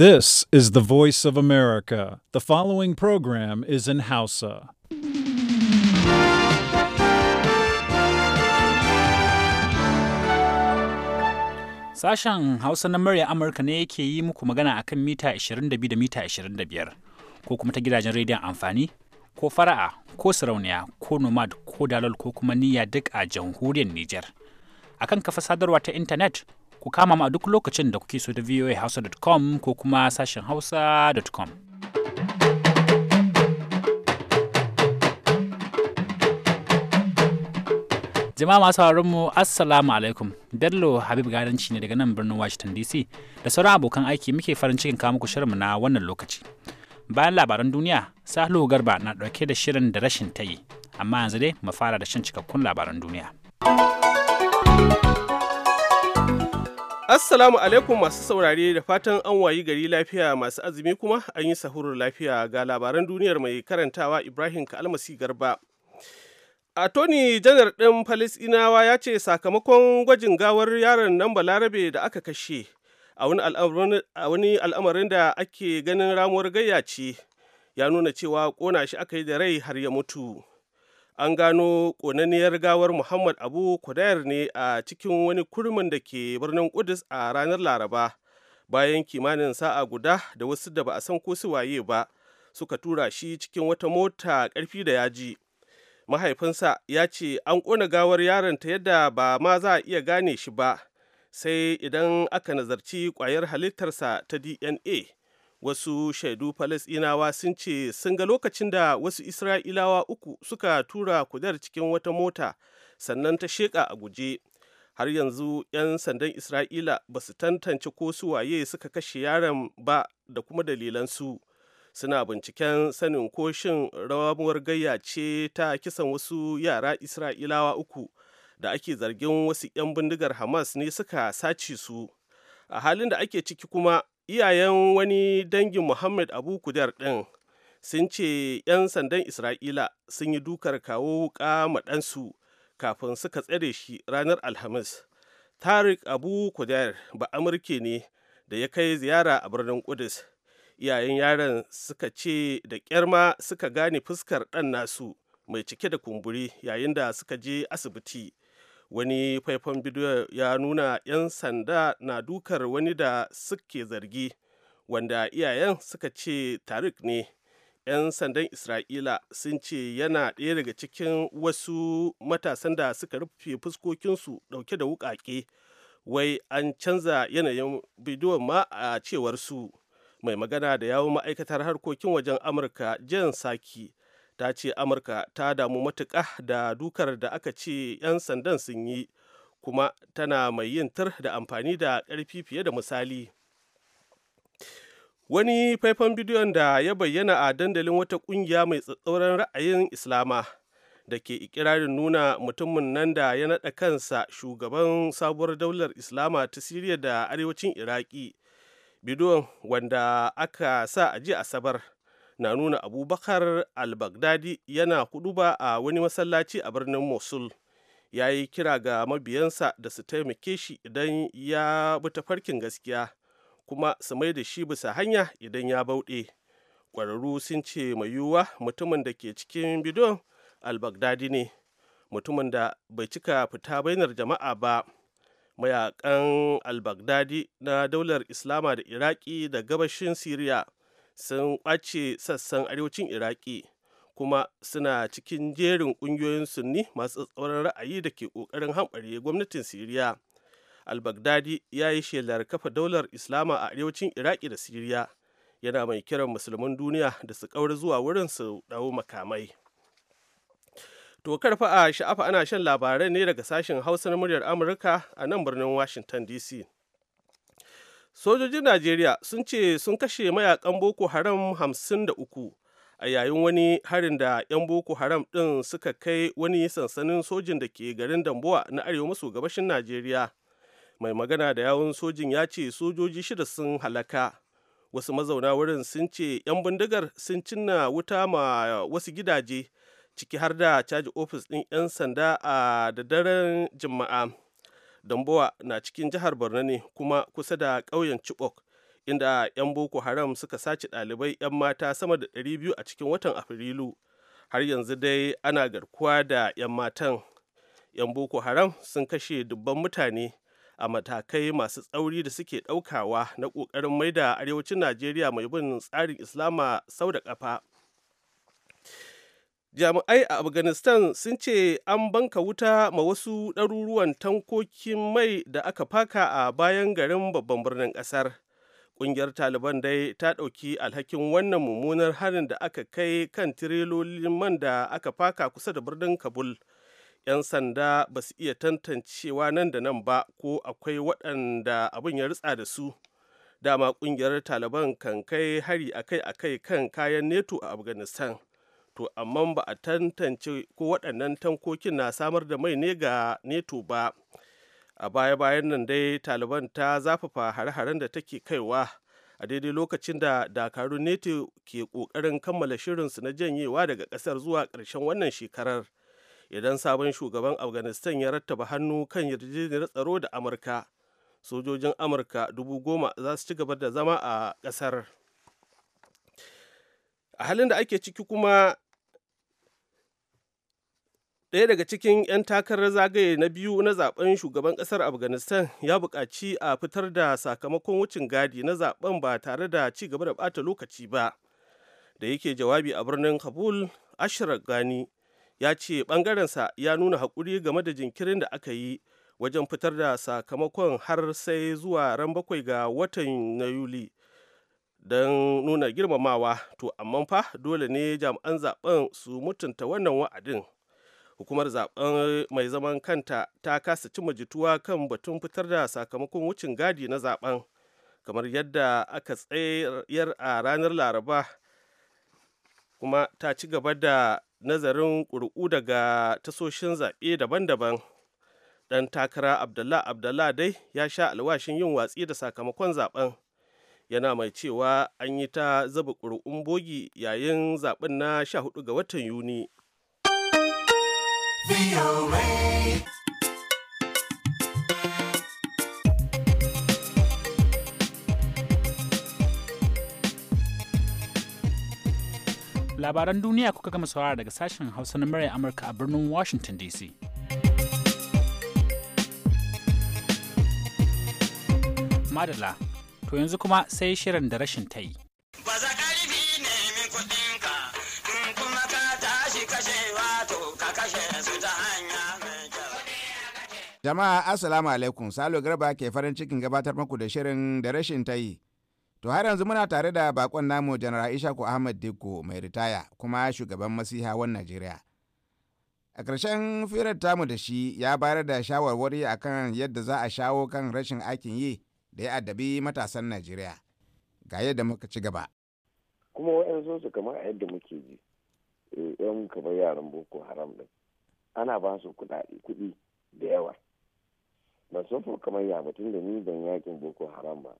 This is the voice of America. The following program is in Hausa. Sashen Hausa na murya Amurka ne yake yi muku magana akan mita 22 da mita 25 ko kuma ta gidajen rediyon amfani ko fara'a ko sarauniya ko nomad ko dalol ko kuma niyya duk a jamhuriyar Nijar. Akan kafa sadarwa ta intanet ku kama mu a duk lokacin da kuke so da voahausa.com ko kuma sashen hausa.com. jama'a masu sauraron mu assalamu alaikum bello habib Gadanci ne daga nan birnin washington dc da sauran abokan aiki muke farin cikin kawo muku shirinmu na wannan lokaci bayan labaran duniya sahlo garba na dauke da shirin da rashin tayi amma yanzu dai mu fara da shan cikakkun labaran duniya Assalamu alaikum masu saurare da fatan an wayi gari lafiya masu azumi kuma an yi sahurar lafiya ga labaran duniyar mai karantawa Ibrahim Kalmasi Garba. A Tony janar ɗin Falisɗinawa ya ce sakamakon gwajin gawar yaron nan Balarabe da aka kashe a wani al'amarin da ake ganin ramuwar gayya ce ya nuna cewa ƙona shi aka yi da rai har ya mutu. an gano ƙonanniyar gawar muhammad abu kudayar ne a cikin wani kurmin da ke birnin kudus a ranar laraba bayan kimanin sa'a guda da wasu da ba a san ko su waye ba suka tura shi cikin wata mota ƙarfi da yaji mahaifinsa ya ce an ƙona gawar yaron ta yadda ba ma za a iya gane shi ba sai idan aka nazarci ƙwayar halittarsa ta dna wasu shaidu falasɗinawa sun ce sun ga lokacin da wasu isra'ilawa uku suka tura kudar cikin wata mota sannan ta sheƙa a guje har yanzu 'yan sandan isra'ila ba su tantance ko su waye suka kashe yaron ba da kuma dalilansu suna binciken sanin ko shin gayya ce ta kisan wasu yara isra'ilawa uku da ake zargin wasu 'yan bindigar hamas ne suka sace su a halin da ake ciki kuma iyayen wani dangin muhammad abu kudar ɗin sun ce 'yan sandan isra'ila sun yi dukar kawo wuka maɗansu kafin suka tsare shi ranar alhamis tarik abu kudar ba amurke ne da ya kai ziyara a birnin kudus iyayen yaron suka ce da kyarma suka gane fuskar ɗan nasu mai cike da kumburi yayin da suka je asibiti wani faifan bidiyo ya nuna 'yan sanda na dukar wani da suke zargi wanda iyayen suka ce tarik ne 'yan sandan isra'ila sun ce yana ɗaya daga cikin wasu matasan da suka rufe fuskokinsu ɗauke da wukake wai an canza yanayin bidiyo ma a cewar su mai magana da yawon ma'aikatar harkokin wajen amurka jan saki ta ce amurka ta damu matuƙa da dukar da aka ce 'yan sandan sun yi kuma tana mai yin tar da amfani da ƙarfi fiye da misali wani faifan bidiyon da ya bayyana a dandalin wata ƙungiya mai tsatsauran ra'ayin islama da ke ikirarin nuna mutumin nan da ya naɗa kansa shugaban sabuwar daular islama ta siriya da arewacin iraki bidiyon wanda aka sa a ji asabar na nuna abubakar al-baghdadi yana ba a wani masallaci a birnin mosul ya yi kira ga mabiyansa da su taimake shi idan ya bi tafarkin gaskiya kuma su mai da shi bisa hanya idan ya bauɗe ƙwararru sun ce mai yiwuwa mutumin da ke cikin bidon al-baghdadi ne mutumin da bai cika fita bainar jama'a ba mayakan al-baghdadi na daular islama da iraki da gabashin siriya sun ƙwace sassan arewacin iraki kuma suna cikin jerin ƙungiyoyin sunni masu tsauran ra'ayi da ke ƙoƙarin hamɓare gwamnatin siriya al-baghdadi ya yi shelar kafa daular islama a arewacin iraki da siriya yana mai kiran musulman duniya da su ƙaura zuwa wurin su ɗau makamai to karfa a sha'afa ana shan labarai ne daga sashen hausar muryar amurka a nan birnin washington dc Sojojin Najeriya sun ce sun kashe mayakan Boko Haram hamsin da uku a yayin wani harin da 'yan Boko Haram ɗin suka kai wani sansanin sojin da ke garin Damboa na arewa maso gabashin Najeriya. Mai magana da yawun sojin ya ce sojoji shida sun halaka. Wasu mazauna wurin sun ce 'yan bindigar sun cinna wuta ma wasu gidaje ciki har da caji ofis ɗin 'yan sanda a da daren Juma'a. Dambowa na cikin jihar borno ne kuma kusa da ƙauyen chibok inda 'yan boko haram suka sace ɗalibai 'yan mata sama da 200 a cikin watan afrilu har yanzu dai ana garkuwa da 'yan matan 'yan boko haram sun kashe dubban mutane a matakai masu tsauri da suke ɗaukawa na ƙoƙarin mai da arewacin najeriya mai bin tsarin islama sau da ƙafa jami'ai a afghanistan sun ce an banka wuta ma wasu ɗaruruwan tankokin mai da aka faka a bayan garin babban birnin ƙasar ƙungiyar taliban dai ta ɗauki alhakin wannan mummunar harin da aka kai kan tirelolin man da aka faka kusa da birnin kabul 'yan sanda ba su iya tantancewa nan da nan ba ko akwai waɗanda abin ya ritsa da su dama ƙungiyar taliban kan kai hari akai-akai kan kayan neto a afghanistan to amma ba a tantance ko waɗannan tankokin na samar da mai ne ga neto ba a baya-bayan nan dai taliban ta zafafa hare-haren da take kaiwa a daidai lokacin da dakarun neto ke ƙoƙarin kammala shirinsu na janyewa daga ƙasar zuwa ƙarshen wannan shekarar idan sabon shugaban afghanistan ya rattaba hannu kan yarjejeniyar tsaro da amurka sojojin amurka dubu goma za su ci gaba da zama a ƙasar. a halin da ake ciki kuma ɗaya daga cikin 'yan takarar zagaye na biyu na zaben shugaban ƙasar afghanistan ya buƙaci a fitar da sakamakon wucin gadi na zaben ba tare da ci gaba da ɓata lokaci ba da yake jawabi a birnin kabul ashraf gani ya ce ɓangarensa ya nuna haƙuri game da jinkirin da aka yi wajen fitar da sakamakon har sai zuwa ran bakwai ga watan na yuli don nuna girmamawa to amma fa dole ne jami'an zaben su mutunta wannan wa'adin hukumar zaben mai zaman kanta ta kasa cimma jituwa kan batun fitar da sakamakon wucin gadi na zaben kamar yadda aka tsayar a ranar laraba kuma ta ci gaba da nazarin ƙuri'u daga tasoshin zaɓe daban-daban ɗan takara abdullah abdullah dai ya sha alwashin yin watsi da sakamakon zaben yana mai cewa an yi ta zaba ƙuri'un bogi yayin zaɓen na 14 ga watan yuni labaran duniya kuka gama saurara daga sashen hausa na murya amurka a birnin washington dc madala To yanzu kuma sai shirin da rashin ta yi. Ba ƙarfi nemi kuɗinka, in kuma ka tashi kashe wato ka kashe su ta hanya mai Jama'a Assalamu alaikum, Salo Garba ke farin cikin gabatar muku da shirin da rashin ta yi. To har yanzu muna tare da bakon namu Janar Ishaku Ahmad Dikko mai ritaya kuma shugaban masihawan Najeriya. A ƙarshen firar tamu da shi ya bayar da shawarwari akan yadda za a shawo kan rashin aikin yi da ya addabi matasan Najeriya. Ga yadda muka ci gaba. Kuma wa'yansu su kamar a yadda muke ji, eh, yan kamar yaran Boko Haram ɗin. Ana ba su kuɗi da yawa. Ban su kuma kamar ya batun da ni ban yakin Boko Haram ba.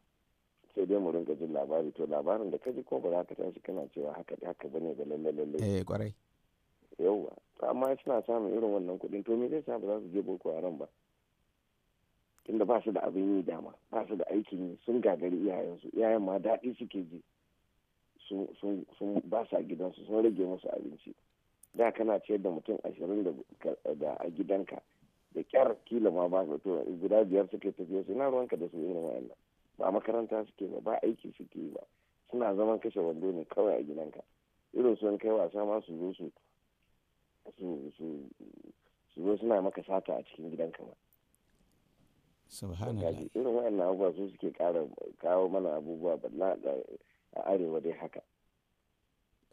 Sai dai mu rinka jin labari to labarin da ka ji ko ba za ka tashi kana cewa haka haka bane da lalle lalle. Eh kwarai. Yawwa, Amma suna samun irin wannan kuɗin to me zai sa ba za su je Boko Haram ba. tunda ba su da abin yi dama ba su da aikin yi sun gagari iyayensu iyayen ma daɗi suke ji sun ba su gidansu sun rage musu abinci da kana ciyar da mutum ashirin da a gidanka da kyar kila ma ba su to guda biyar suke tafiya su na ruwanka da su irin wayannan ba makaranta suke ba ba aiki suke yi ba suna zaman kashe wando ne kawai a gidanka irin sun kai wasa ma su zo su su zo suna maka sata a cikin gidanka ma subhanallah irin waɗannan abubuwa su suke kawo mana abubuwa balla a arewa dai haka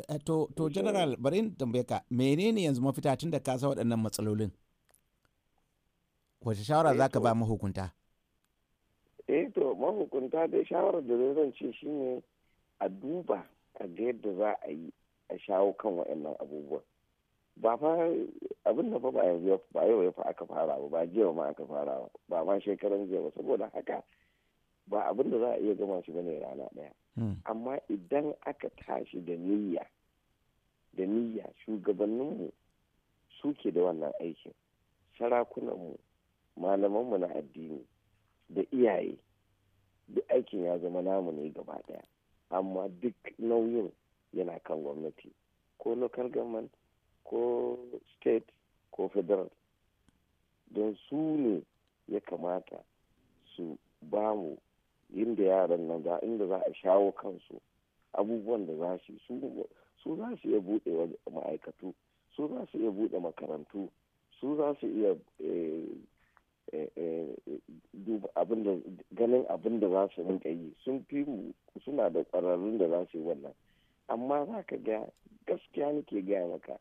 eh, to to general bari in tambaye ka menene yanzu mafita tun da ka sa waɗannan matsalolin wace shawara eh, za ka ba mahukunta eh to mahukunta dai shawarar da zai zan ce shine a duba a ga yadda za a yi a shawo kan waɗannan abubuwan ba fa abin da fa ba yanzu ba yau fa aka fara ba ba jiya ma aka fara ba ma shekaran jiya ba saboda haka ba abin da za a iya gama shi bane rana daya hmm. amma idan aka tashi da niyya da niyya shugabannin mu suke da wannan aikin sarakunan mu malaman mu na addini da iyaye duk aikin ya zama namu ne gaba daya amma duk nauyin yana kan gwamnati ko local government ko state ko federal don su ne ya kamata su ba mu inda yaran nan za inda za a shawo kansu abubuwan da za su su za su iya bude ma'aikatu su za su iya bude makarantu su za su iya eh, eh, eh, ganin abin da za su rinka yi sun fi suna da ƙwararrun da za su yi wannan amma za ka ga gaskiya nake gaya maka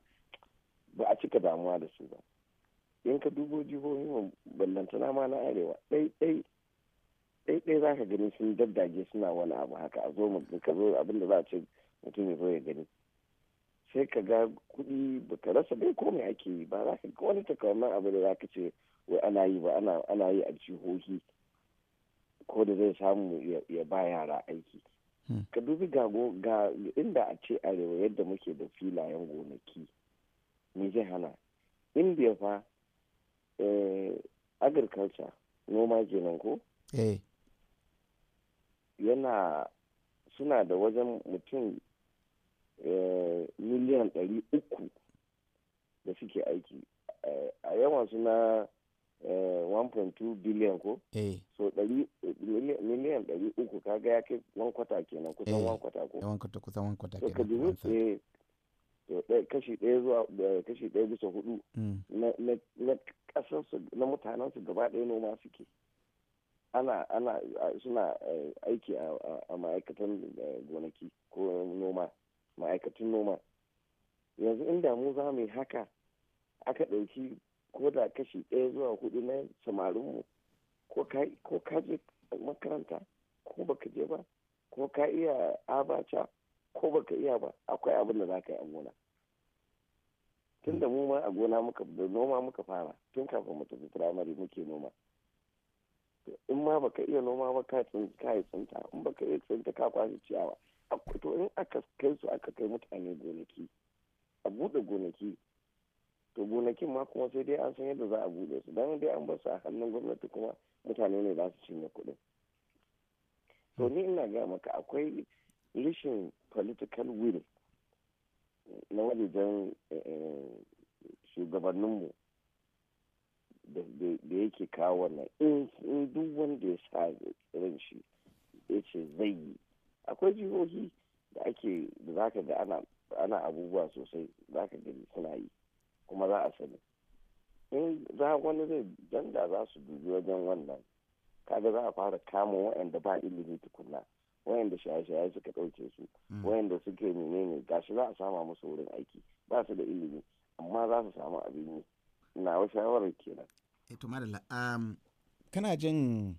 ba a cika damuwa da su ba in ka dubo jihohin ballantana ma na arewa ɗai ɗai za ka gani sun daddage suna wani abu haka a zo ka zo abinda za a ce mutum ya zo ya gani sai ka ga kuɗi ba ka rasa dai komai ake yi ba za ka wani takamaiman abu da za ka ce wai ana yi ba ana yi a jihohi ko da zai samu ya ba yara aiki hmm. ka dubi ga inda a ce arewa yadda muke da filayen gonaki me zai in india fa eh, agriculture noma kenan ko eh. yana suna da wajen mutum eh, miliyan ɗari uku da suke aiki a yawan suna 1.2 biliyan ko so miliyan ɗari uku kaga ya kai wankwata kenan kusan wankwata ko kusan wankwata kenan kashi ɗaya zuwa kashi ɗaya bisa hudu mm. na ƙasar su na mutanen su gaba ɗaya noma suke ana ana suna aiki a ma'aikatan eh, gonaki ko noma ma'aikatan noma yanzu inda mu za mu yi haka aka ɗauki ko da kashi ɗaya zuwa hudu na mu. ko ka je makaranta ko baka je ba ko ka iya abaca ko baka iya ba akwai abin da za ka yi a gona tun da mu ma a gona muka da noma muka fara tun kafin mu tafi firamare muke noma in ma baka iya noma ba ka ka yi tsinta in baka iya tsinta ka kwashe ciyawa to in aka kai su aka kai mutane gonaki a buɗe gonaki to gonakin ma kuma sai dai an san yadda za a buɗe su don dai an bar a hannun gwamnati kuma mutane ne za su cinye kuɗin to ni ina ga maka akwai rishin political will na wajejen eh, shugabanninmu da yake kawo na in duk wanda ya sa irin shi ya ce zai yi akwai jihohi da ake da za ka ga ana abubuwa sosai za ka gani suna yi kuma za a sani in za wani zai danda za su dubi wajen wannan kaga za a fara kama wa'anda ba ilimi tukunna wayanda shaye-shaye suka ɗauke su mm. wayanda suke menene gashi za a sama musu wurin aiki ba su da ilimi amma za su samu abin yi wa shawarar kenan eh, madalla um, kana jin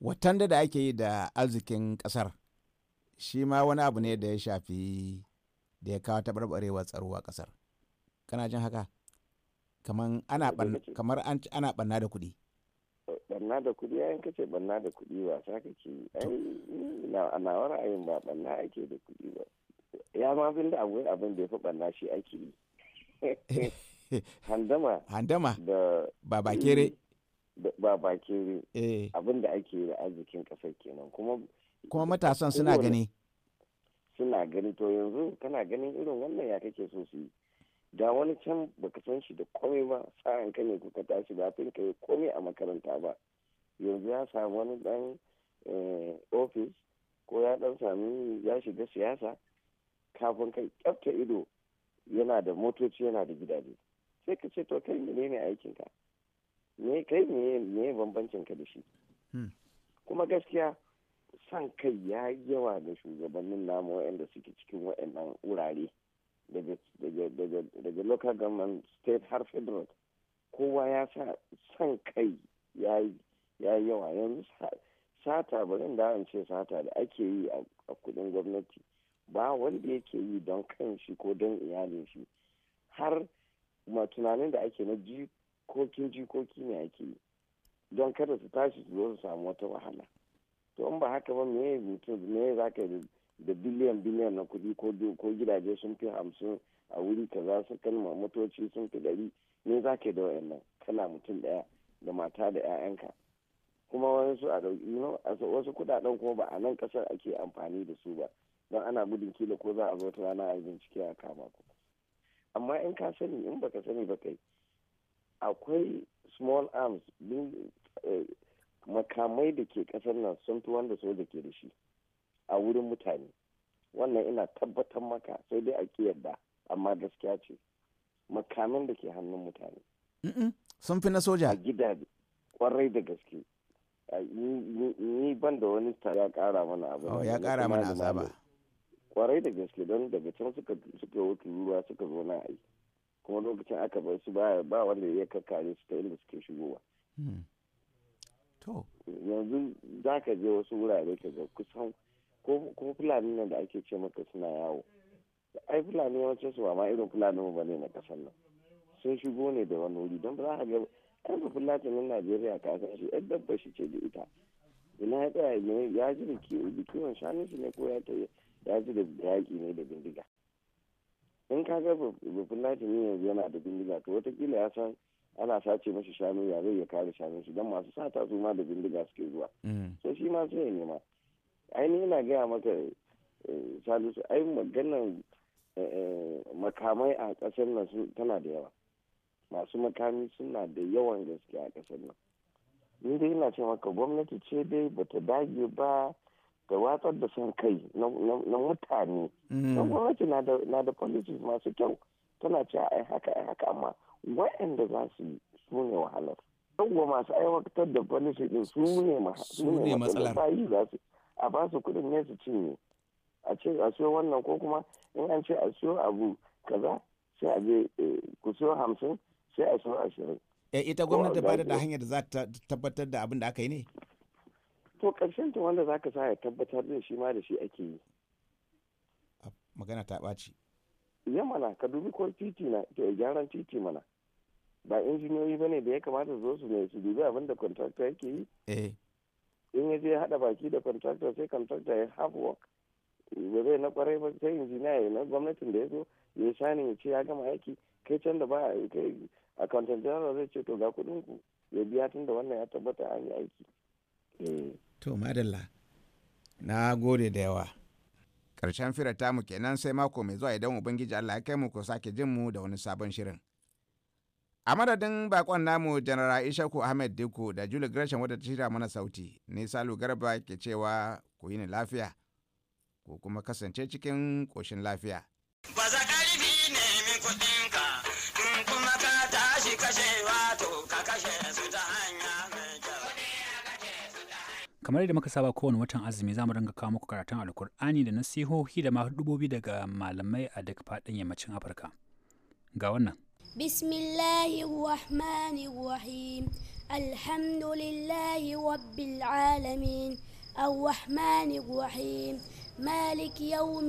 watan da ake yi da arzikin kasar shi ma wani abu ne da ya shafi da ya kawo taɓarɓarewar tsaro a kasar kana jin haka kamar ana ɓanna da kuɗi banna da kuɗi ayin ce banna da kuɗi ba sa kake yi a nawa ra'ayin ba banna ake da kuɗi ba ya ma fi da abu abin da ya fi banna shi ake yi handama handama da babakere mm, babakere eh. abin da ake yi da arzikin ƙasar kenan kuma kuma matasan suna gani suna gani to yanzu kana ganin irin wannan ya kake so su yi da wani can baka san shi da komai ba sa'an ka ne kuka tashi ba fin ka komai a makaranta ba yanzu ya samu wani dan eh, ofis ko ya dan sami ya shiga siyasa kafin kai kyafta ido yana da motoci yana da gidaje sai ka ce to kai mene ne aikinka me kai me me bambancin ka da shi hmm. kuma gaskiya san kai ya yi yawa ga shugabannin namu waɗanda suke cikin waɗannan wurare daga local government state har federal kowa ya sa san kai ya yi ya yi yawa yanzu sata bari da an ce sata da ake yi a kudin gwamnati ba wanda yake yi don kan shi ko don iyalin shi har ma tunanin da ake na jikokin jikoki ne ake yi don kada su tashi su zo su samu wata wahala to in ba haka ba me mutum me za ka da biliyan biliyan na kuɗi ko gidaje sun fi hamsin a wuri ka za su kalma motoci sun fi ɗari me za ka yi da wayannan kana mutum ɗaya da mata da 'ya'yanka kuma wasu a ɗauki wasu kuɗaɗen kuma ba a nan ƙasar ake amfani da su ba don ana gudun kila ko za a zo ta rana a bincike a kama ku amma in ka sani in baka sani ba kai akwai small arms eh, makamai da ke ƙasar nan sun fi wanda da ke da shi a wurin mutane wannan ina tabbatar maka sai dai a yarda amma gaskiya ce makamin da ke hannun mutane sun fi na soja a gidaje kwarai da gaske ni ban da wani ta ya kara mana abu oh, ya kara mana azaba kwarai da gaske don daga can suka suka wuce ruwa suka zo na ai kuma lokacin aka bar su ba wanda ya kakkare su ta inda suke shigowa hmm. to yanzu za ka je wasu wurare ka ga kusan ko fulani ne da ake ce maka suna yawo ai fulani yawancin su ba ma irin fulani ba ne na kasan nan sun shigo ne da wani wuri don ba za ka ga ɗan bafin latinin najeriya ta san shi yan dabba shi ce da ita ina ya tsaya ne ya ji da kiwon shanun shi ne ko ya ta ya ji da yaƙi ne da bindiga in ka ga bafin latinin yanzu yana da bindiga to watakila ya san ana sace masa shanu ya zai ya kare shanun shi don masu sata su ma da bindiga suke zuwa mm. so shi ma sai ya nema ainihin na gaya maka eh, salisu ai maganan eh, eh, makamai a ƙasar nan tana da yawa masu makami suna da yawan gaske a ƙasar nan ni dai ina ce maka gwamnati ce dai bata dage ba da watsar da son kai na mutane mm. don gwamnati na da policies masu kyau tana cewa ai haka ai haka amma waɗanda za su yi su ne wahalar yawwa masu aiwatar da policy din su ne matsalar a ba su kudin ne su cinye a ce a siyo wannan ko kuma in an ce a siyo abu kaza sai a je eh, ku siyo hamsin sai ashirin ashirin eh, ita gwamnati ba da hanyar da za ta tabbatar da abin da aka yi ne to karshen ta wanda za ka sa ya tabbatar da shi ma da shi ake yi magana ta ɓaci mana ka dubi ko titi na gyaran titi mana ba injiniyoyi ba ne da ya kamata su zo su ne su dubi abin da kwantarta yake yi eh. in ya je haɗa baki da kwantarta sai kwantarta ya half work ba zai na kwarai ba sai injiniya ya na gwamnatin da ya zo ya yi shani ya ce ya gama aiki kai can da ba kai accountant general zai ce to ga kuɗin ku ya biya tun da wannan ya tabbata an yi aiki eh. to madalla na gode da yawa karshen firar tamu kenan sai mako mai zuwa idan ubangiji allah ya kai mu ko sake jin mu da wani sabon shirin a madadin bakon namu janara ishaku ahmed diko da juli gresham wadda ta shirya mana sauti ne salu garba ke cewa ku yi ni lafiya ko kuma kasance cikin koshin lafiya ba za kamar yadda muka saba kowane watan azumi za mu ringa kawo muku karatun alkur'ani da nasihohi da dubobi daga malamai a duk fadin yammacin afirka ga wannan bismillahirrahmanirrahim alhamdulillahi rabbil alamin ar الرحيم مالك يوم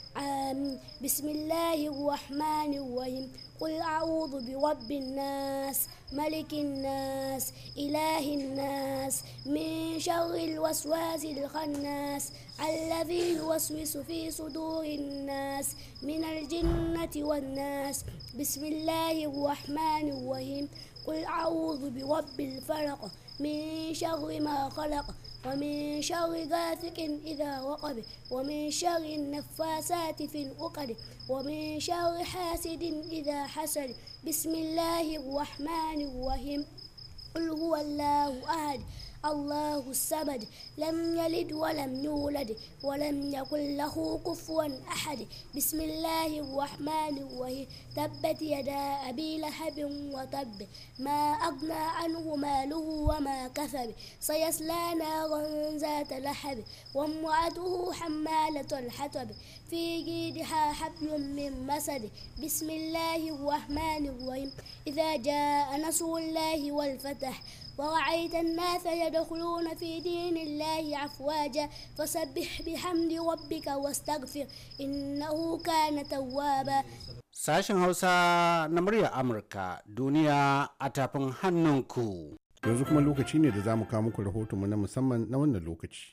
آمين بسم الله الرحمن الرحيم قل أعوذ برب الناس ملك الناس إله الناس من شر الوسواس الخناس الذي يوسوس في صدور الناس من الجنة والناس بسم الله الرحمن الرحيم قل أعوذ برب الفلق من شر ما خلق ومن شر غاسق إذا وقب ومن شر النفاسات في العقد ومن شر حاسد إذا حسد بسم الله الرحمن الرحيم قل هو الله أحد الله السمد لم يلد ولم يولد ولم يكن له كفوا أحد بسم الله الرحمن الرحيم تبت يدا أبي لهب وتب ما أغنى عنه ماله وما كسب سيصلى نارا ذات لهب وامرأته حمالة الحطب في جيدها حبل من مسد بسم الله الرحمن الرحيم إذا جاء نصر الله والفتح ورأيت الناس يدخلون في دين الله أفواجا فسبح بحمد ربك واستغفر إنه كان توابا Sashen Hausa na muryar Amurka duniya a tafin hannunku. Yanzu kuma lokaci ne da za mu kawo muku rahotonmu na musamman na wannan lokaci.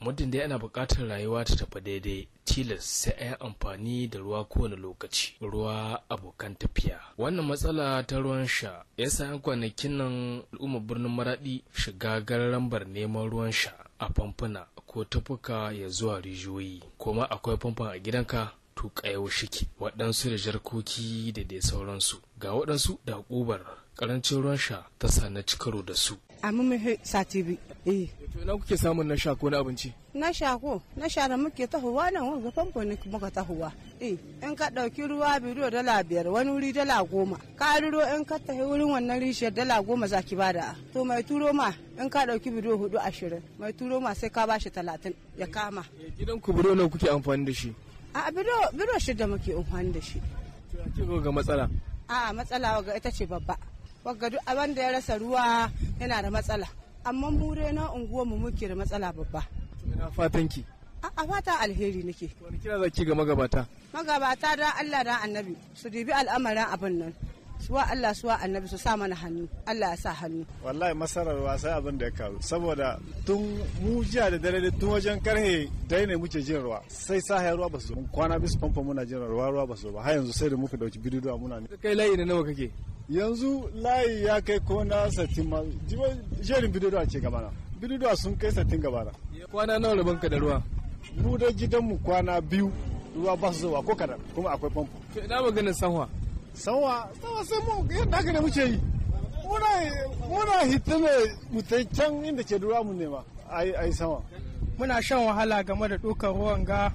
muddin dai ana buƙatar rayuwa ta tafi daidai tilas sai a yi amfani da ruwa kowane lokaci ruwa abokan tafiya wannan matsala ta ruwan sha ya sa kwanakin nan al'ummar birnin maraɗi. shiga garambar neman ruwan sha a famfuna ko tafuka ya zuwa rijiyoyi kuma akwai famfan a gidanka tuƙayau shiki waɗansu da jarkoki da dai sauransu ga waɗansu da ƙubar ƙarancin ruwan sha ta sa na ci da su A mun sati bi eh to na kuke samun na shako na abinci na shako na sha da muke tahowa nan wani ga famfo ne muka tahowa eh in ka ɗauki ruwa biro dala biyar wani wuri dala goma ka ruro in ka tafi wurin wannan rishiyar dala goma za ki bada to mai turo ma in ka ɗauki biro hudu ashirin mai turo ma sai ka bashi talatin ya kama eh, gidan ku biro nan kuke amfani da shi a biro biro shida muke amfani da shi to ya ce ga matsala a matsala ga ita ce babba wagga duk abin da ya rasa ruwa yana da matsala amma mu na unguwa mu muke da matsala babba ina fatan ki a fata alheri nake wani kira zaki ga magabata magabata da Allah da annabi su dibi al'amarin abin nan suwa Allah suwa annabi su sa mana hannu Allah ya sa hannu wallahi masarar wasa abin da ya kawo saboda tun mu jiya da dare tun wajen karhe dai ne muke jin ruwa sai sa ruwa ba su kwana bisu famfa muna jin ruwa ruwa ba su ba har yanzu sai da muka dauki bidiyo muna ne kai layi ne nawa kake yanzu layi ya kai ko na satin ma jerin bidiyo ce gabana bidiyo sun kai satin gabana kwana nawa rabon ka da ruwa mu da gidanmu kwana biyu ruwa ba su zuwa ko kadan kuma akwai famfo to ina maganin sanwa sanwa sanwa sai mu yadda aka da muke yi muna muna hitime mutai can inda ke ruwa mu nema ai ai sanwa muna shan wahala game da dokar ruwan ga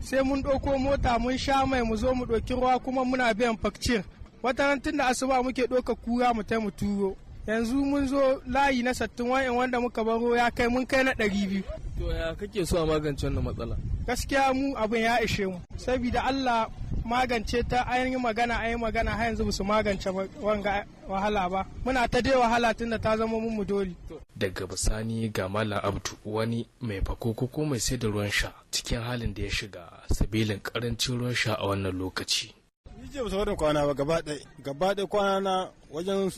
sai mun ɗauko mota mun sha mai mu zo mu ɗauki ruwa kuma muna biyan fakcir wata ran tun da asuba muke ɗauka kura mu ta turo yanzu mun zo layi na sattin wa'in wanda muka baro ya kai mun kai na ɗari biyu. To ya kake so a magance wannan matsala? Gaskiya mu abin ya ishe mu saboda Allah magance ta an yi magana an yi magana har yanzu su magance wanga wahala ba muna ta dai wahala tun da ta zama mun dole. Daga bisani ga Malam Abdu wani mai fako ko mai sai da ruwan sha cikin halin da ya shiga sabilin karancin ruwan sha a wannan lokaci. Ije ba sauran kwana ba gaba ɗaya. Gaba kwana na wajen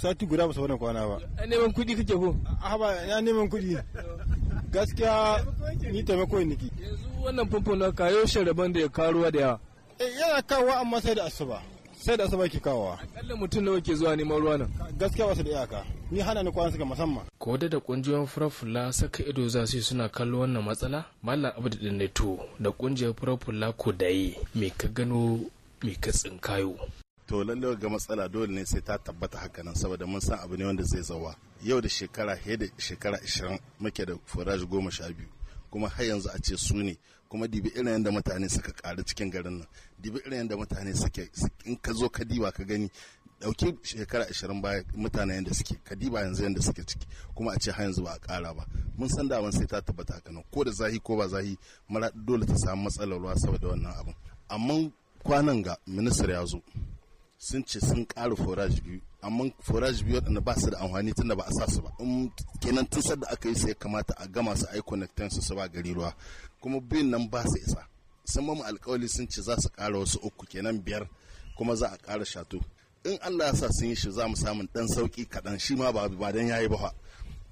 sati guda ba sauran kwana ba. A neman kuɗi kake ko? A ba ya neman kuɗi. Gaskiya ni taimako ne ki. Yanzu wannan famfo na kayo shi da ya karuwa da yawa. Eh, yana kawowa amma sai da asuba. sai da asuba ke kawowa. Akalla mutum nawa ke zuwa neman ruwa nan. Gaskiya ba su da iyaka. Ni hana ni kwana suka musamman. Ko da da kungiyoyin furafula saka ido za su suna kallo wannan matsala? Mallam abdul Dinneto da kungiyar furafula dai me ka gano mai katsin kayo to lallai ga matsala dole ne sai ta tabbata hakanan saboda mun san abu ne wanda zai zawa yau da shekara he da shekara 20 muke da forage goma sha biyu kuma har yanzu a ce su ne kuma dibi irin yadda mutane suka karu cikin garin nan dibi irin yadda mutane suke in ka zo ka diba ka gani dauki shekara 20 baya mutane yadda suke ka diba yanzu yadda suke ciki kuma a ce har yanzu ba a kara ba mun san daman sai ta tabbata hakanan ko da zahi ko ba zahi mara dole ta samu matsalar ruwa saboda wannan abin amma kwanan ga minista ya zo sun ce sun ƙara forage biyu amma forage biyu waɗanda ba su da amfani tun da ba a sa su ba in kenan tun sadda aka yi sai kamata a gama su aiko na su su ba gari ruwa kuma biyun nan ba su isa sun mamu alkawali sun ce za su ƙara wasu uku kenan biyar kuma za a ƙara shato in Allah ya sa sun yi shi za mu samun ɗan sauƙi kaɗan shi ma ba dan yi ba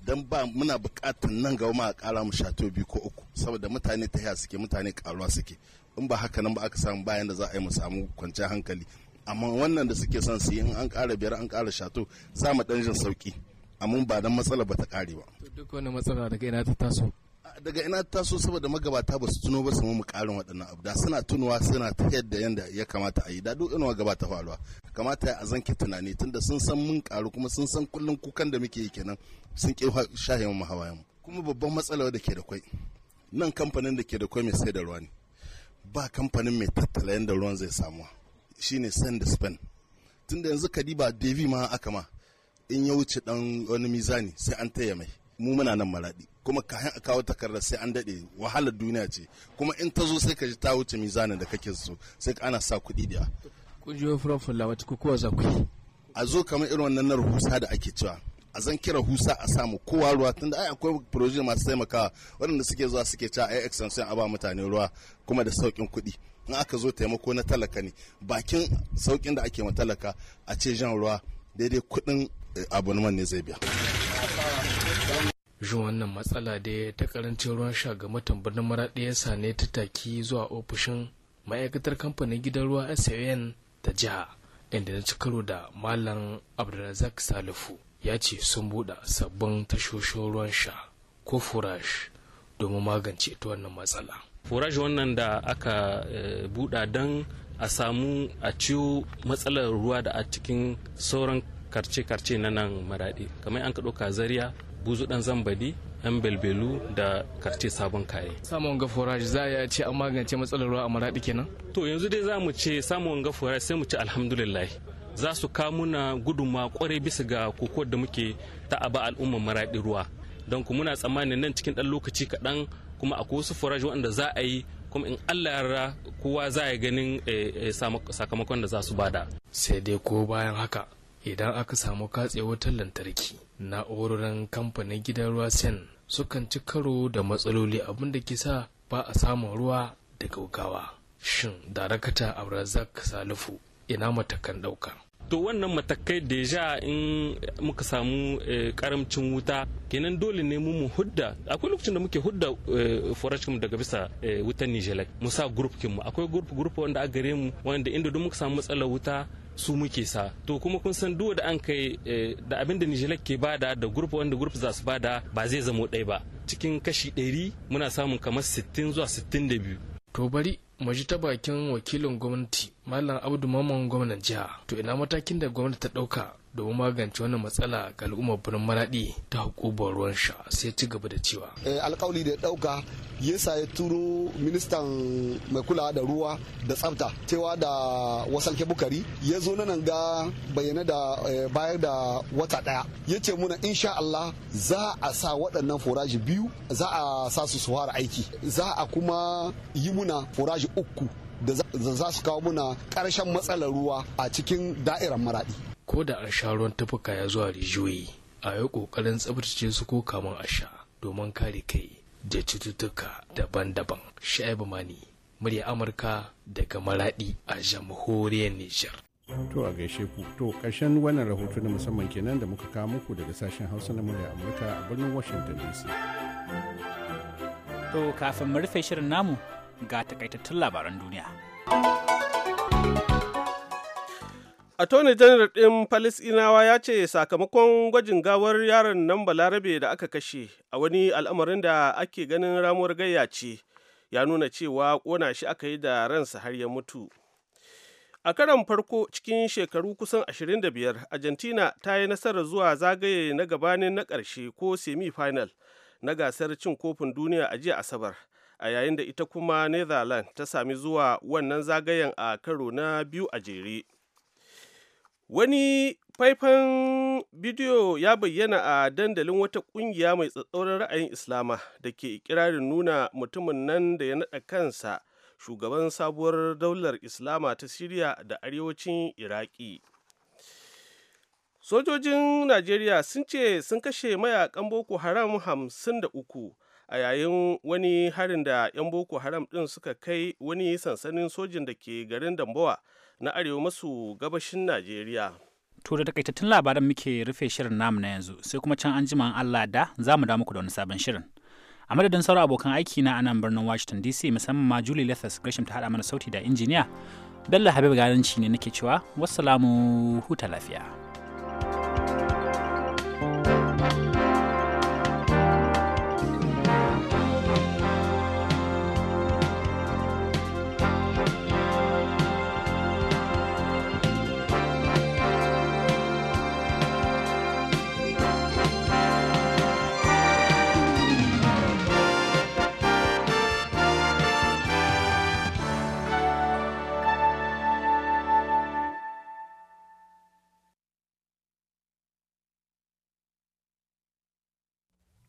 don ba muna buƙatar nan gaba ma a ƙara mu shato biyu ko uku saboda mutane ta suke mutane ƙaruwa suke in ba haka nan ba aka samu bayan da za a yi mu samu kwanciyar hankali amma wannan da suke son su yi in an ƙara biyar an ƙara shato za mu ɗan jin sauƙi amma ba dan matsala ba ta ƙare ba. duk wani matsala daga ina ta taso. daga ina ta taso saboda magabata ba su tuno ba su mu ƙarin waɗannan abu da suna tunuwa suna ta yadda yanda ya kamata a yi da duk inuwa gaba ta faruwa kamata a zanki tunani tunda sun san mun ƙaru kuma sun san kullum kukan da muke yi kenan sun ƙi shahin mu hawayen mu kuma babban matsala da ke da kwai nan kamfanin da ke da kwai mai sai da ruwa ne ba kamfanin mai tattala yadda ruwan zai samu shine send tun tunda yanzu kadiba devi ma aka ma in ya wuce dan wani mizani sai an taya mai mu muna nan maradi kuma kayan a kawo takarda sai an dade wahalar duniya ce kuma in ta zo sai ka ji ta wuce mizanin da kake so sai ana sa kuɗi da kun ji fulan wata kuwa za ku a zo kamar irin wannan na rahusa da ake cewa a zan kira husa a samu kowa ruwa tunda ai akwai proje masu taimakawa waɗanda suke zuwa suke ca a yi extension a ba mutane ruwa kuma da sauƙin kuɗi in aka zo taimako na talaka ne bakin sauƙin da ake ma talaka a ce jan ruwa daidai kuɗin eh, abonman ne zai biya jin wannan matsala da ta karancin ruwan sha ga matan birnin maraɗi ya ne ta taki zuwa ofishin ma'aikatar kamfanin gidan ruwa sfn ta jiha inda na ci karo da malam abdulrazak salifu ya ce sun buɗe sabbin tashoshin ruwan sha ko furash domin magance ta wannan matsala furash wannan da aka eh, buɗa don a samu a ciwo matsalar ruwa da a cikin sauran karce-karce na nan maraɗi kamar an ka ɗauka zariya buzu ɗan zambadi yan belbelu da karce sabon kare. samun ga forage za a ce an magance matsalar ruwa a maraɗi kenan? to yanzu dai za mu ce samun ga forage sai mu ce alhamdulillah za su kamuna gudunma kwarai bisa ga kokowar da muke ta a ba al'ummar maraɗi ruwa don ku muna tsammanin nan cikin ɗan lokaci kaɗan kuma akwai wasu furaji wanda za a yi kuma in allah yarda kowa za a ganin eh, eh, sakamakon da za su bada sai dai ko bayan haka idan aka samu katse wutar lantarki na'urorin kamfanin gidan ruwa sen sukan ci karo da matsaloli abin da ke sa ba a samun ruwa da gaugawa shin darakata abrazak salifu ina matakan ɗauka to wannan matakai deja in muka samu eh, karamcin wuta kenan dole ne mu hudda akwai lokacin da muke hudda eh, forashin daga bisa eh, wutan nijelak mu sa mu akwai group wanda a gare mu wanda inda duk muka samu matsalar wuta su muke sa to kuma kun san duwa da an kai da abin da nijelak ke bada da group wanda group za su bada ba zai zamo ɗaya ba cikin kashi ɗari muna samun kamar sittin zuwa sittin da biyu. to bari mu ji ta bakin wakilin gwamnati malam abdu maman gwamnan jiha to ina matakin da gwamnati ta ɗauka domin magance wannan matsala ga al'ummar birnin maraɗi ta hukumar ruwan sha sai ci gaba da cewa eh, alkawali da ya ɗauka sa ya turo ministan mai kula da ruwa da tsafta cewa da wasan bukari ya zo nan ga bayyana da eh, bayar da wata ɗaya ya ce muna insha Allah za a sa waɗannan furaji biyu za a sa su su aiki za a kuma yi muna furaji uku da za su kawo muna karshen matsalar ruwa a cikin da'irar maraɗi ko da an sha ruwan tafuka ya zuwa rijiyoyi a yi ƙoƙarin tsabtace su ko kamun a sha domin kare kai da cututtuka daban-daban sha'ibu mani murya amurka daga maradi a jamhuriyar nijar to a gaishe ku to ƙarshen wannan rahoto na musamman kenan da muka kawo muku daga sashen hausa na murya amurka a birnin washington dc to kafin mu rufe shirin namu ga takaitattun labaran duniya. Attorney General ɗin Falisɗinawa ya ce sakamakon gwajin gawar yaron nan Balarabe da aka kashe a wani al'amarin da ake ganin ramuwar gayya ce ya nuna cewa ƙona shi aka yi da ransa har ya mutu. A karan farko cikin shekaru kusan 25, Argentina ta yi nasarar zuwa zagaye na gabanin na ƙarshe ko semi-final na gasar cin kofin duniya a jiya Asabar. a yayin da ita kuma netherlands ta sami zuwa wannan zagayen a karo na biyu a jere wani faifan bidiyo ya bayyana a dandalin wata ƙungiya mai tsatsauran ra'ayin islama da ke ikirarin nuna mutumin nan da ya naɗa kansa shugaban sabuwar daular islama ta siriya da arewacin iraki sojojin najeriya sun ce sun kashe mayakan boko haram hamsin da uku a yayin wani harin da 'yan boko haram ɗin suka kai wani sansanin sojin da ke garin damboa na arewa masu gabashin najeriya to da takaitattun labaran muke rufe shirin namu na yanzu sai kuma can an jima allah da za mu da muku da wani sabon shirin a madadin sauran abokan aiki na anan birnin washington dc musamman ma julie Lethers gresham ta haɗa mana sauti da injiniya bello habib garanci ne nake cewa wassalamu huta lafiya